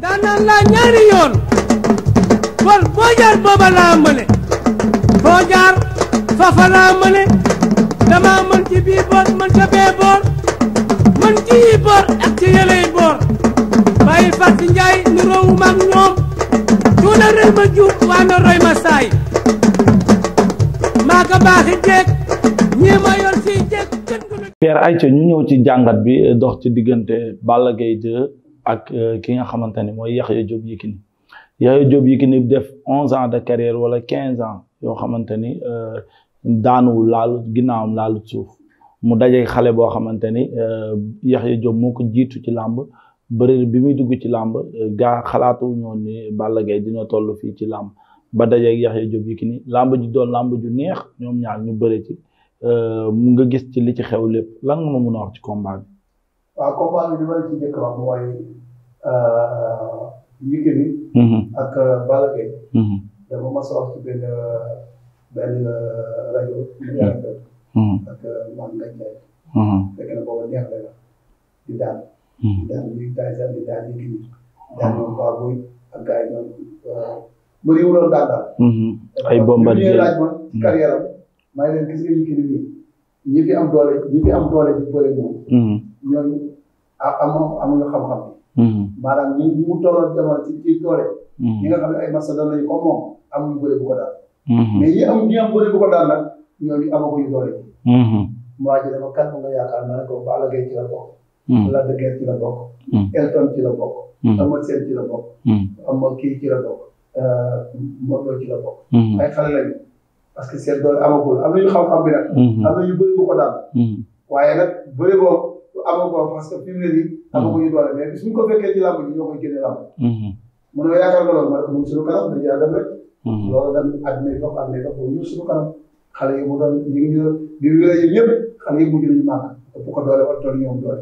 ndaanaan laa ñaari yoon kon boo jaar booba laa mëne foo jaar fafa laa mëne dama mën ci bii boor mën bee boor mën ci yi ak ci yëley boor bàyyi fàtt njaay nu ñoom tuuna rëy ma juub waa na roy ma saay maa ko baaxi jeeg ñii ma yor siy jeeg gën gu Pierre Aïcha ñu ñëw ci jàngat bi dox ci diggante Balla Gaye 2 ak euh, ki nga xamante ne mooy Yaxya Jóob Yékini Yaxya Jóob Yékini def onze ans de carrière wala quinze ans yoo xamante ni euh, daanuwul laalu ginnaawam laalu suuf mu daje xale boo xamante ni euh, Yaxya Jóob moo ko jiitu ci làmb bëri bi muy dugg ci làmb gaa xalaatu ñoon ni dina toll fii ci làmb ba dajeeg Yaxya Jóob Yékini làmb ji doon làmb ju neex ñoom ñaar ñu bëri ci mu nga gis ci li ci xew lépp lan nga ma mun a wax ci combat bi. waaw combat bi li ma la ci njëkk wax Yékini euh, mm-hmm. ak euh, Balla Gaye mm-hmm. dama mas a wax ci benn benn euh, rajo Ndiakhate. Mm-hmm. ak Mame Ngagne Ndiaye. fekk na booba neex la di daan. di daan ak gars yi ñoom mbir yi ay bombardier laaj ma ci carrière am maa ngi leen gis ñi fi am doole ñi fi am doole ci bëri moom. ñooñu amoo amuñu xam-xam. Mm-hmm. maanaam ñi ñi mu tolloon jamono ci ci doole. Mm-hmm. ñi nga xam ne ay massa doon lañu comme moom amuñu bu ko daal. Mm-hmm. mais yi am ñi am bëre bu ko daal nag ñooñu amaguñu doole. waa ji dafa kan nga yaakaar naa ne ko Balla Gaye ci la bokk. Lac de Guiers ci la bokk. Elton ci la bokk. Eumeu ci la bokk. am kii ci la bokk. Euh, Modou Lo ci la bokk. ay xale parce que seen doole amagul am nañu xam-xam bi am nañu bu ko daal. waaye nag bëre amoo ko parce que fi mu ne nii. Hmm. amoo ko ñu doole mais ko fekkee ji ñoo koy génne làmb. Hmm. mu ne yaakaar nga loolu ma ne hmm. xale yi mu doon ñu ngi ñu wéree yi ñëpp xale yi mujj ko doole wala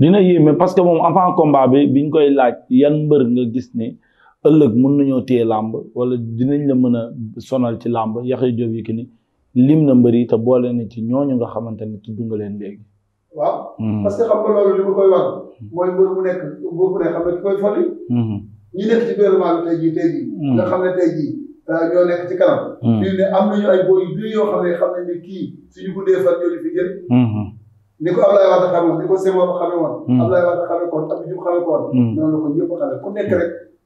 a parce que moom avant combat bi biñ koy laaj yan mbër nga gis ni ëllëg mën nañoo téye làmb wala dinañ la mën a sonal ci làmb Yaxya Joob ni lim na yi te boole na ci ñooñu nga xamante ne tudd nga leen léegi. waaw. Hmm. parce que xam nga loolu li ma koy wax. Hmm. nekk mbër mu nekk xam nga ki koy fali. Hmm. ñi nekk ci gouvernement bi xam ne tey jii euh, ñoo nekk ci kanam. fii ne am nañu ay booy yu bëri xam ne xam ne kii suñu guddee fan ñoo ñu ko Ablaye Wade xamee woon ni ko Senghor xamee woon. Ablaye Wade xamee ko woon Abdou Diouf xamee ko woon. ko ñëpp xamee ku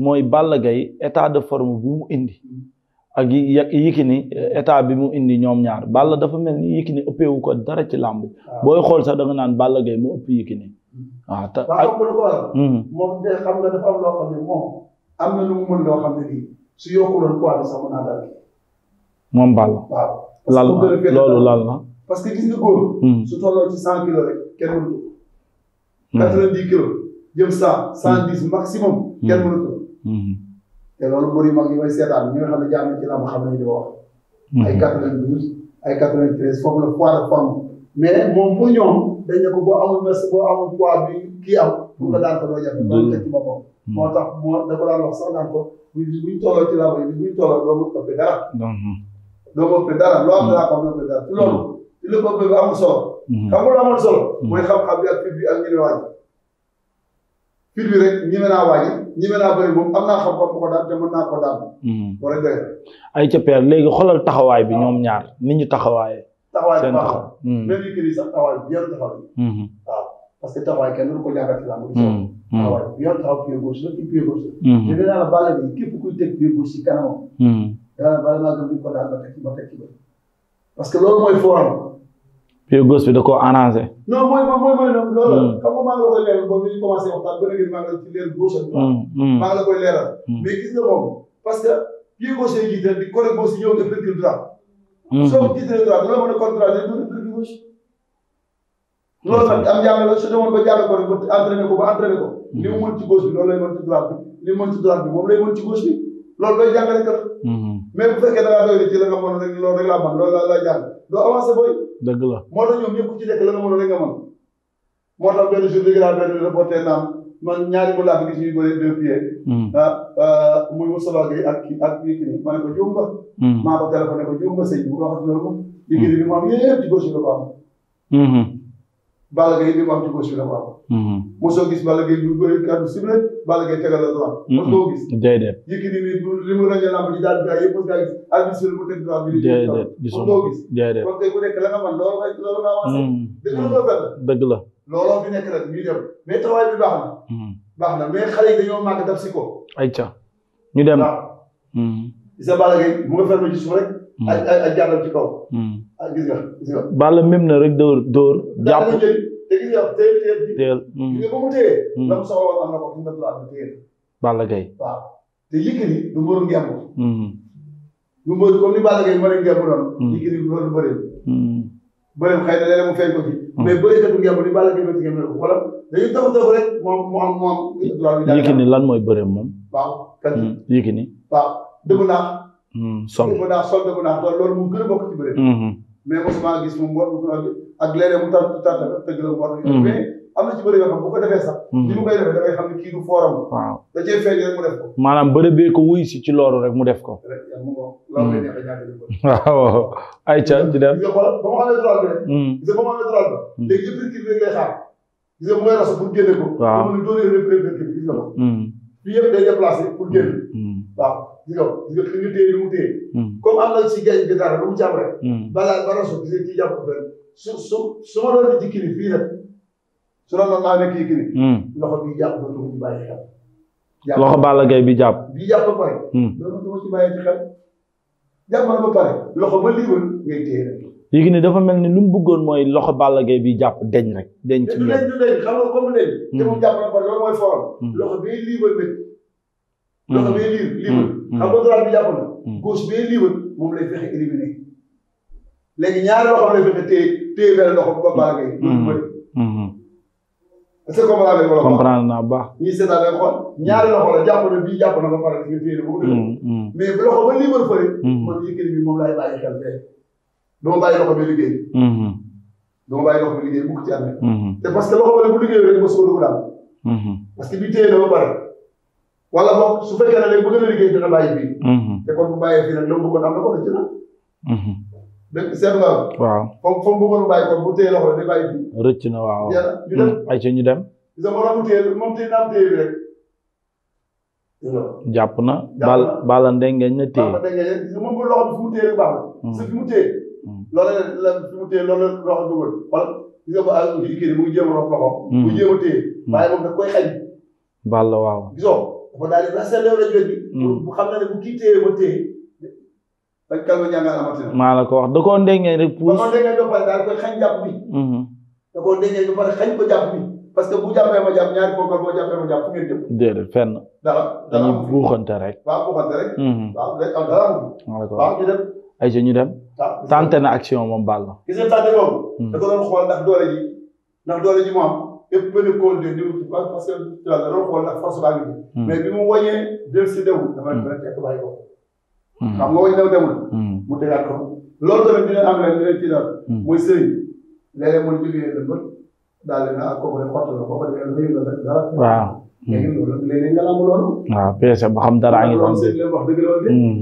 mooy Balla Gaye état de forme bi mu indi ak Yékini euh, état bi mu indi ñoom ñaar Balla dafa mel ni Yékini ëppeewu ko dara ci làmb ah. booy xool sax da nga naan Balla Gaye mu ëpp Yékini mm-hmm. ah, waaw mm-hmm. moom de xam nga dafa am loo na loolu lal la parce que gis nga góor mm-hmm. su tolloo ci cent kilos rek kenn mënatu ko quatre-vingt-dix kilos cent cent dix maximum kenn mënatu ko te loolu mbir yu mag yi may seetaan ñi nga xam ne jaar nañ ci làmb xam nañ li mhm. ay quatre vingt douze ay quatre vingt treize foofu la poids de forme mais moom pour ñoom dañ ne ko boo amul mes boo amul poids bi kii am. bu nga daan ko doo jafe. loolu teg ci boppam. Mhm. moo tax moo da ko daan wax sax naan ko bu buñ tolloo ci làmb yi buñ tolloo doo ma ëppee dara. Mhm. doo ma ëppee dara loo am dara ko am dara ci loolu. ci li ko ëppee bi amul solo. xam nga lu amul solo. mooy xam-xam bi ak bi ak pir bi rek ñi naa waaji ñi naa bëri moom am naa xam-xam ko daan te mën naa ko daan hmm. war ay ca léegi xoolal taxawaay bi ñoom ñaar ni ñu taxawaaye taxawaay seen taxaw hmm. même bi yoon taxaw bi hmm. waaw parce que taxawaay parce que loolu mooy foram pied gauche da koo arrangé non mooy mooy mooy loolu. xam nga maa ngi la koy leeral boobu ñu commencé waxtaan ba léegi maa ngi la ci leer gauche ak droite. Mm, mm. maa ngi la koy leeral. Mm. mais gis nga moom parce que pied gauche yi jiite di côté gauche ñëw def recul droit. soo jiitee droit dina mën a contrat day doon recul gauche. loolu nag am jàng la su demoon ba jàng ko rek ba entraîné ko ba entraîné ko. li mu mën ci gauche bi loolu lay mën ci droite bi li mu mën ci droite bi moom lay mën ci gauche bi loolu lay jàngale kat. Mm-hmm. mais bu fekkee da ngaa doy ci la nga mën rek loolu rek laa mën loolu laa lay jàng doo avancé booy. dëgg la moo tax ñoom ñëpp ku ci nekk la nga mën rek moo tax benn jour dëgg laa benn reporter naam man ñaari mbër laa fi gis ñuy bëri deux pieds. Hmm. ah, ah ak kii ak kii nii ma ne ko juum hmm. ko téléphoné ko juum ba sëñ bi bu ko waxee loolu. liggéey bi mu am yëpp ci gauche bi Balla Gaye li mu am ci gauche bi la ko am. Mm-hmm. mosoo gis Balla Gaye bu bëri kàddu si biir Balla Gaye tegal la droit. Mm-hmm. mosoo gis. déedéet Yékini ni li mu ràññee lamb di daal di daal yëpp mos ngaa gis arbitre mu teg droit bi. déedéet gisuma mosoo gis. déedéet kon tey ku nekk la nga mën loolu ngay loolu nga avancé. Mm-hmm. dëgg la dëgg la. looloo fi nekk nag ñuy dem mais tawaay bi baax na. baax na mais xale yi dañoo màgg daf si ko. ayca ñu dem. waaw. isa Balla Gaye mu nga ferme ci suuf rek. ak ak jàllal ci kaw. Ah, gis nga gis nga. Balla même na rek dóor dóor. jàpp te gis te Yékini du mbëru ngemb. Mm. du ni Balla Gaye mm. mbëru mm. ngemb mu feeñ ko ci. ni Balla Gaye bëri ngemb doon wala dañuy taw moom lan mooy bëri moom. waaw kat. Yékini. waaw dëgg naa. sol dëgg naa sol dëgg naa loolu mais maanaam bëri bee wuy si ci loolu rek mu def ko hmm. waaw ay ca di dem ba ma xamee droit bi hmm. gis ba hmm. ko waaw fii yëpp day déplacé pour génn. Mm. Mm. waaw gis nga gis nga xëy mu téye. comme am na si géej gi dara lu mu jàpp rek. Mm. balaa balaa suuf gis nga kii jàpp benn su su su ma doon di fii rek su doon doon naa nekk kii kii. loxo bi jàpp bi jàpp. bi jàpp ba ba pare loxo ba yéegi ni dafa mel ni lu mu bëggoon mooy loxo Balla Gaye bi jàpp deñ rek deñ ci ñoom deñ xam nga comme deñ hmm. te moom jàpp na ko hmm. hmm. jàpp na ba Balla naa baax ñii seetaan leen xool ñaari loxo la jàpp na bii jàpp na ba pare nga téye na ba mu dama bàyyi loxo loxo bi liggéey mm-hmm. bu ko ci amee. Mm-hmm. te parce que loxo ba mm-hmm. parce que bi na wala boog su bu a liggéey dina te kon bu bàyyee fii nag loolu bëggoon na ko na. dégg seetlu waaw comme comme bëggoon bàyyi loxo bi rëcc na waaw ay ci ñu dem. gis na. jàpp na na téye. Mm. loolu la la su mu loolu la loxo dugal wala gis nga ba àll bi kii mu ngi jéem mm. mm. da koy xañ. balla waaw gisoo dafa daal di raseel yow bi. bu xam na ne bu kii téye ba téye. dañ kàlla ñaanal amati da koo ndengee rek puus. Mm-hmm. parce que ngeen jëm. déedéet fenn. dara dara dañuy rek. waaw buuxante mm-hmm. ñu dem. tante na action moom baal ma. gis nga tante boobu. Hmm. ko doon xool ndax doole ji ndax doole ji mu am yëpp benn kóol hmm. bi mu si dewul. dama ne benn hmm. tekk bàyyi ko. xam nga wàññi daw dewul. mu tegaat ko loolu tamit dina am leen dina ci daal. mooy sëriñ léeg-léeg mu jógee daal di naan dara. waaw. léegi peese ba xam dara mm, a ngi doon. Mm.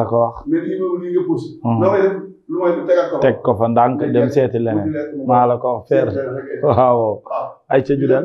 la ko wax. Mm. teg ko fa ndànk dem seeti leneen. la ko wax waaw ah. ay ca ju dem.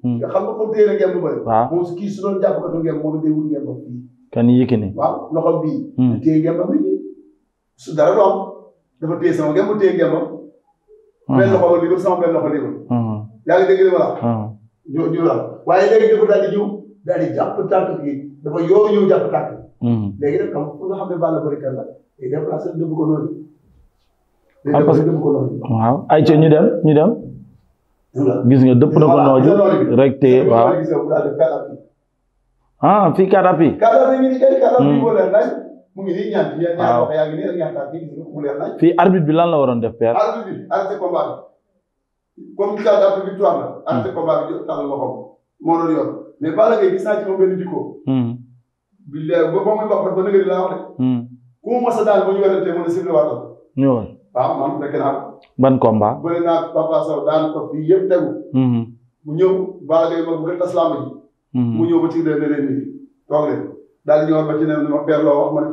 Hmm. nga xam nga ko téere ngeen bëri. waaw moom kii su doon jàpp katu ngeen moom day wut ngeen ba fii. kan Yékini. waaw loxo bii. Hmm. di téye ngeen ba bii su dara du am dafa téye sama ngeen mu téye ngeen ba. Hmm. benn loxo libre sama benn loxo libre. yaa ngi dégg li ma la. ñu ñu la waaye léegi dafa daal di ñëw daal di jàpp tànk bi dafa yoo ñëw jàpp tànk bi. léegi nag kam fu nga xam ne Balla Gaye kan la day déplacé dëbb ko noonu. day ah, déplacé dëbb ko noonu. waaw ay ca ñu dem ñu dem. gis nga dëpp na ko nooju rek te waaw ah fii katapi hmm. waaw fii arbitre bi lan la waroon def père comme katapi bi tuam la arrêté combat bi taxal hmm. loxoom moo doon yoon mais Balla Gaye gis naa ci moom benn jikko hmm. bi leer ba ba muy wax ba nëgëri laa wax de ku mu mas a daal ba ñu werante mën a sifle waatal ñëwoon waaw man fekk ko. ban combat. bëri naa mhm. mu ñëw mhm. mu ñëw ba ci leen ci ne ma père loo wax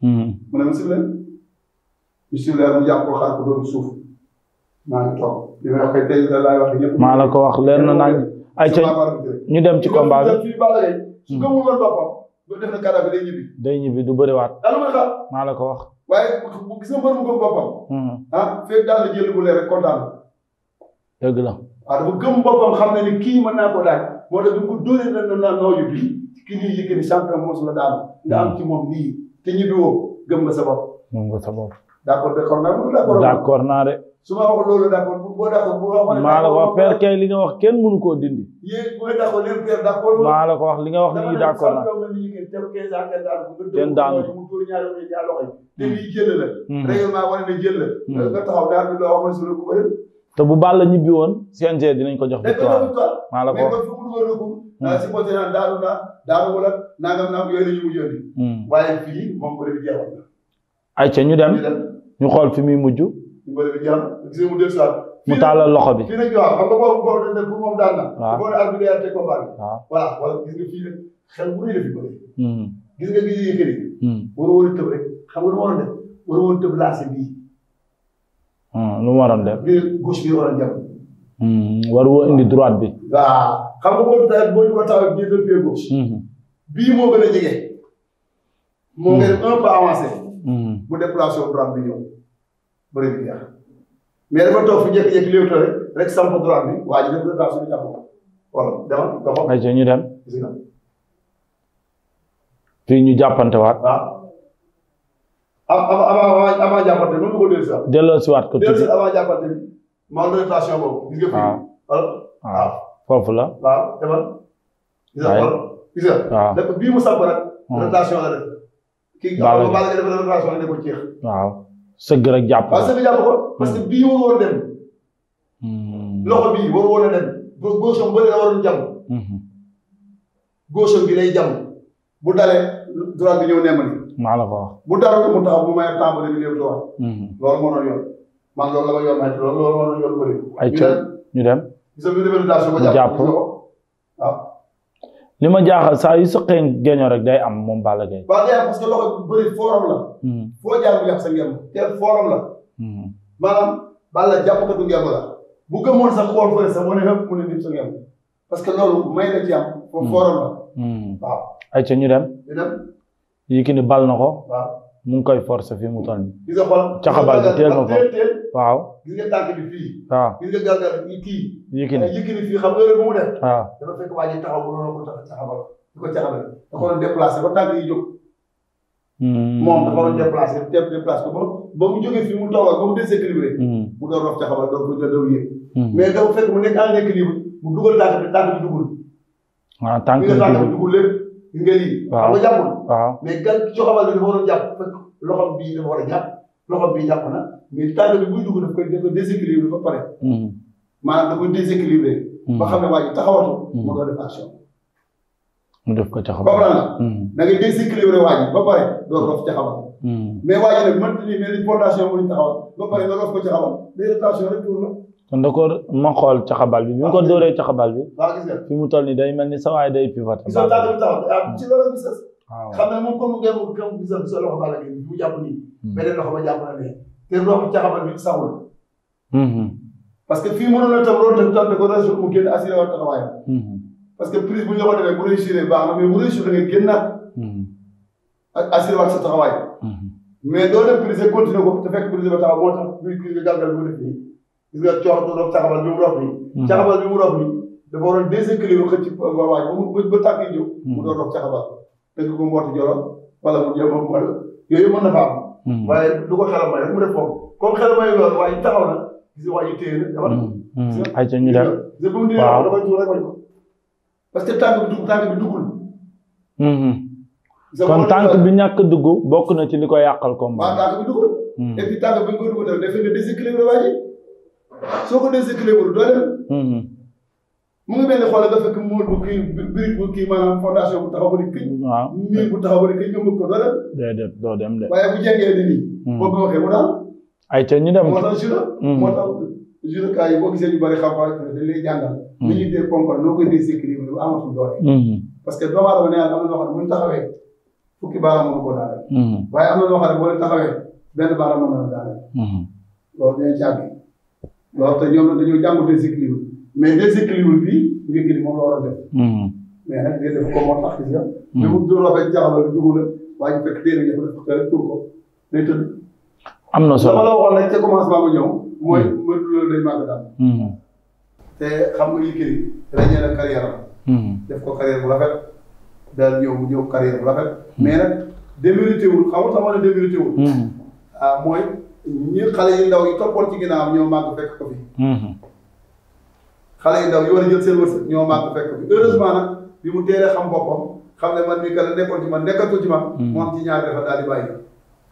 mhm. mu ne mu jàpp ko xaar ko doon suuf maa la ko wax leen na nañ. ay ca ñu dem ci combat bi fii Balla Gaye ko mu du bëriwaat. maa la ko wax. waaye bu gis nga mbër mu gëm boppam. Hmm. ah daal la jël bu leer rek kontaan la. la waaw dafa gëm boppam xam na ni kii man naa ko daal moo tax bi ko dóoree dañ nooyu bi ki ñuy yëkkati champion moom la daal nga am moom lii te ñibbi woo gëm nga sa bopp. gëm nga sa bopp. d'accord d'accord naa d'accord naa de. su maa la ko wax père kay li nga wax kenn mënu koo dindi. yéen bu maa la ko wax li nga wax nii naa. kenn daanu. te lii hmm. jël la. Hmm. Hmm. daal di la te bu Balla ñibbi woon CNG dinañ ko jox ñu mujjoon. ko def jeexoon na. ay ca ñu dem. ñu xool fi muy mujj. mu tàllal loxo bi. waaw gis nga bii yëkkër yi. waroo woon tëb rek mu waroon def waroo woon tëb laasé bii. Hmm, lu mu waroon def. bii bi waroon hmm, indi droite bi. Hmm. bii moo gën a moo ngi un Hmm. bu déplacé wu dafa toog fi jékki-jékki léegi rek samp waa ji def rotation ay ñu dem. fii ñu jàppante waat. waaw ah. avant ko dellusi delloosi waat ko tuuti avant jàppante ah. Ah. la. kii Balla Gaye dafa révélation sëgg rek jàpp ko. waaw que hmm. dem. Hmm. loxo bii war woon a dem gos gosam bëri la waroon jàmm. gosam hmm. bi day jàmm bu dalee droit bi ñëw nemm ni. maa la ko wax bu dalee mu taw bu may tàmbali bi néew loolu moo doon yoon man loolu moo doon yoon ay ñu ñu dem. gis li ma jaaxal sa yu sëqee geño rek day am moom bala Gaye. waaw day parce que loxo bu bëri forum la. Hmm. foo jaar mu yàq sa ngem te forum la. Hmm. maanaam Balla jàpp ko du ngem la bu gëmoon sax xool fële sax mu ne hëpp mu ne nit sa ngem parce que loolu may na ci am. foofu hmm. forum la. waaw. ayca ñu dem. ñu dem. Yékini bal na ko. mu ngi koy forcer fi mu toll nii. gis nga teel ma ko waaw. gis nga tànk bi fii. waaw gis nga gàllankoor yi kii. fii xam nga bu mu def. waaw di ko caxabal da ko doon déplacé ba tànk yi hmm. mu jógee fii mu toogal ba mu déséquilibré. Hmm. mu doon rof caxabal doon ko daw yëg. Hmm. mais dafa fekk dugul. waaw ah, gis nga lii. waaw xam nga jàppul. waaw mais gan soo xamal ne dafa war a jàpp fekk loxo bii dafa war a jàpp loxo bii bi buy dugg daf koy dafa déséquilibré ba pare. Mm-hmm. Mm-hmm. ba xam ne waa ji taxawatu. moo mm-hmm. doon def action. mu da ngay ba pare doo rof caxabal. mais a lii mais ko caxabal kon da ko ma xool caxabal bi bi mu ko ah, dóoree caxabal bi. Ah, fi mu toll nii day mel ni sa waay day pivote. gis nga taal bi taxaw ah, ci loolu gis nga. xam hmm. ba jàpp na ne te loxo caxabal bi hmm. que fii mënoon na toog loolu dafa ko réussir mu génn assuré woon hmm. que prise na mais bu réussir da ngay fekk prise ba taxaw moo gis nga coono doog caxabal bi mu dox nii. Mm-hmm. caxabal bi mu dox nii dafa waroon déséquilibre xëcc ba waaj ba mu ba tàkk yi jóg. mu mm-hmm. doon dox caxabal dëgg ko mbooti jolof wala mu jéem a mu wala yooyu mën na fa am. Mm-hmm. waaye du ko xelam may rek mu def foofu comme xelam may loolu waaye taxaw na gis nga waa ji téye na dafa def. ayca ñu def waaw dafa ñu rek bañ ko parce que tànk bi dugg tànk bi duggul. kon tànk bi ñàkk dugg bokk na ci li ko yàqal combat. waaw tànk bi duggul. et puis tànk bi nga ko dugg tamit dafay nga déséquilibre waa ji soo ko déséquilibré wul doo dem. Mm-hmm. mu ngi mel ni xoolal nga fekk muul bu kii brique bu kii maanaam fondation bu taxaw ba di këñ. waaw miir bu taxaw ba di këñ ëmb ko doo dem. déedéet doo dem de. waaye bu jengee ni nii. Mm-hmm. boo ko waxee mu daal. ay ca ñu dem moo tax jura. Mm-hmm. moo tax jura kaa yi boo gisee ñu bëri xam-xam dañ lay jàngal. li ñuy dee ponkal noo koy déséquilibré bu amatul doole. parce que doomu aadama ne yàlla am na loo xam ne bu ñu taxawee fukki baaraam mënu ko daal. waaye am na loo xam ne boo leen taxawee benn baaraam mën na la daal. loolu dañ ci àgg. loolu te ñoom dañoo jàng déséquilibre mais déséquilibre bi njëkk ni moom la war a def. Hmm. mais nag day def ko moo tax gis nga. Hmm. mais bu dul rafet jaxal a dugg na waaye ñu fekk téere jafe dafa teel tur ko day tëdd. am na solo la waxoon rek ca commencement ba ñëw. mooy hmm. mooy loolu te xam nga Yékini ràññee na carrière am. def ko carrière bu rafet daal ñëw bu ñëw carrière bu rafet. mais nag démérité wul xam nga sama ne démérité ah mooy. ñu xale yu ndaw yi toppoon ci ginnaaw ñoo màgg fekk ko fi. Mhm. xale yu ndaw yi war a jël seen wërsëg ñoo màgg fekk ko fi heureusement nag bi mu teelee xam boppam xam ne man mii kat nekkoon ci man nekkatul ci man. Mhm. mu am ci ñaar dafa daal di bàyyi.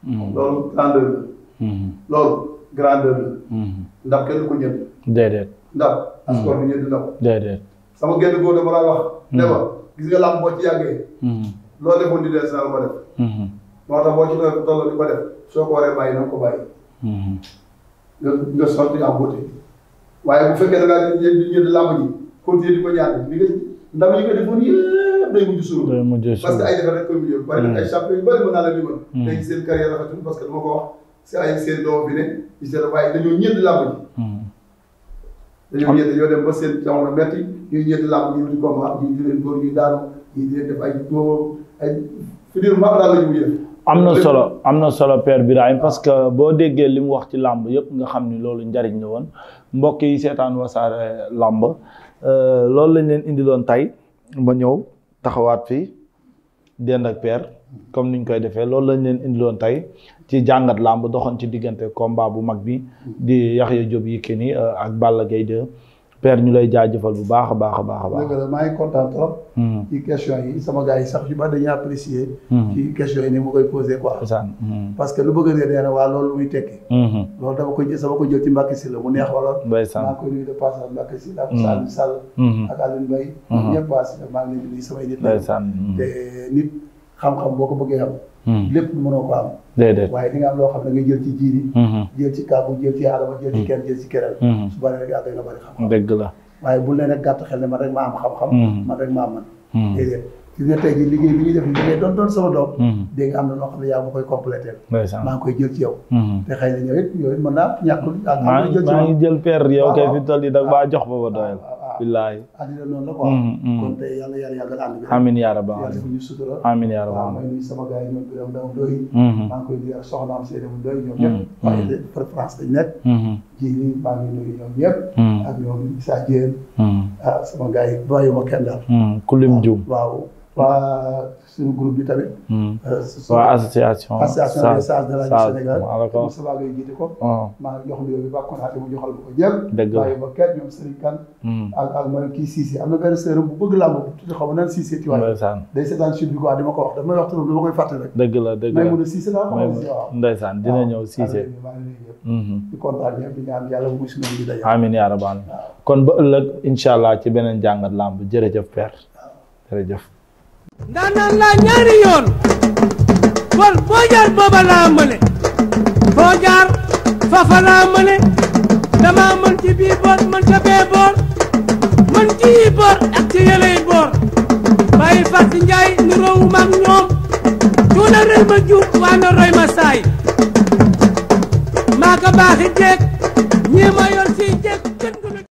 Mhm. loolu grandeur la. loolu grandeur la. ndax kenn ko ñëpp. déedéet ndax. askan bi ñëpp dina ko. déedéet sama genn góor dama laa wax. ne gis nga làmb boo ci yàggee. loo defoon di des la ko moo tax boo ci tolloo di ko def soo ko waree nga nga sotti am beauté waaye bu fekkee da ngaa jënd làmb ji continuer di ko ñaan di nga ndam yi nga defoon yëpp day mujj suur. day mujj parce que ay defar rek koy mujjee. bari na hmm. ay champion yu bari mën naa la limal. léegi hmm. seen carrière rafetul parce que dama ko wax si ay seen doom bi ne gis nga waaye dañoo ñeenti làmb ji. Hmm. dañoo ñeenti dañoo dem ba seen jamono metti ñuy ñeenti làmb ji ñu di combat ñuy di leen dóor ñuy daanu ñuy di leen def ay dóor ay finalement daal la ñu mujjee. am na solo am na solo Père Birahim parce que boo déggee li mu wax ci làmb yëpp nga xam ni loolu njariñ la woon mbokk yi seetaan wasaare làmb euh, loolu lañ leen indiloon tey ma ñëw taxawaat fi dend ak Père comme niñ koy defee loolu lañ leen indiloon tey ci jàngat làmb doxoon ci diggante komba bu mag bi di Yaxya Jóob ni euh, ak Balla Gaye 2 père ñu lay jaajëfal bu baax a baax a baax a baax. dëgg la maa ngi kontaan trop. Hmm. ci question yi sama gars yi sax yu baax dañuy apprécier. Hmm. ci question yi ni mu koy posé quoi. Hmm. parce que lu bëgg a réer loolu muy tekki. loolu dama koy sama ko jël ci Mbacke Sylla mu neex wala. ndeysaan maa ngi de passage ak Saliou Sall. ak Alioune Mbaye. ñëpp waa Sylla maa ngi leen di nuyu samay nit. te nit. xam-xam boo ko bëggee am hmm. lépp mënoo ko am déedéet waaye di nga am loo xam ne nga jël ci jiiri hmm. jël ci kàggu jël ci aadama jël ci hmm. kenn la waaye bul ne nag gàtt xel ne man rek maa am xam-xam man rek maa mën déedéet gis nga tey jii liggéey bi ñuy def liggéey doon doon sama doom dégg nga am na loo te xëy na yow it yow it mën naa ñàkkul maa ngi jël paire yow kay toll yi dag jox ba ba doyal billaay. àddina noonu la quoi. Mm, mm. kon tey yàlla yàlla yàggal ànd bi. amiin yaa rabbal aalamiin yàlla suñu sutura. amiin yaa rabbal aalamiin waaw mooy sama gars yi ñoom Birame Dama Ndoye. Mm-hmm. maa ngi koy nuyu soxnaam Seydou Ndoye mm-hmm. ñoom ñëpp. parce que France dañ nekk. Mm-hmm. ji li maa ngi nuyu ñoom ñëpp. ak ñoom Issa Diène. ah sama gars yi bàyyiwuma kenn daal. ku lim juum waaw. waa suñu groupe bi tamit. Hmm. Euh, waa association. association des sages de la Sénégal. Ah. maa ngi jox ko bi ba kontaate mu joxal ko ñëpp. dëgg la waaye ba kenn ñoom Serigne Kane. Hmm. kii Cissé am bu bëgg ko wax dëgg la dëgg la may mu ne Cissé laa ma wax. ndeysaan dina ñëw Cissé. Hmm. di kontaan ñëpp di kon ba ëllëg incha allah ci beneen jàngat làmb jërëjëf père jërëjëf ndaanaan laa ñaari yoon bor boo booba laa mëne boo jaar fafa laa mëne dama mën ci mën ca mën ci yi boor ak ci yëley nu roowu maag ñoom cuuna rëy ma waa na roy ma maa ko baaxi ñii ma yor si jeeg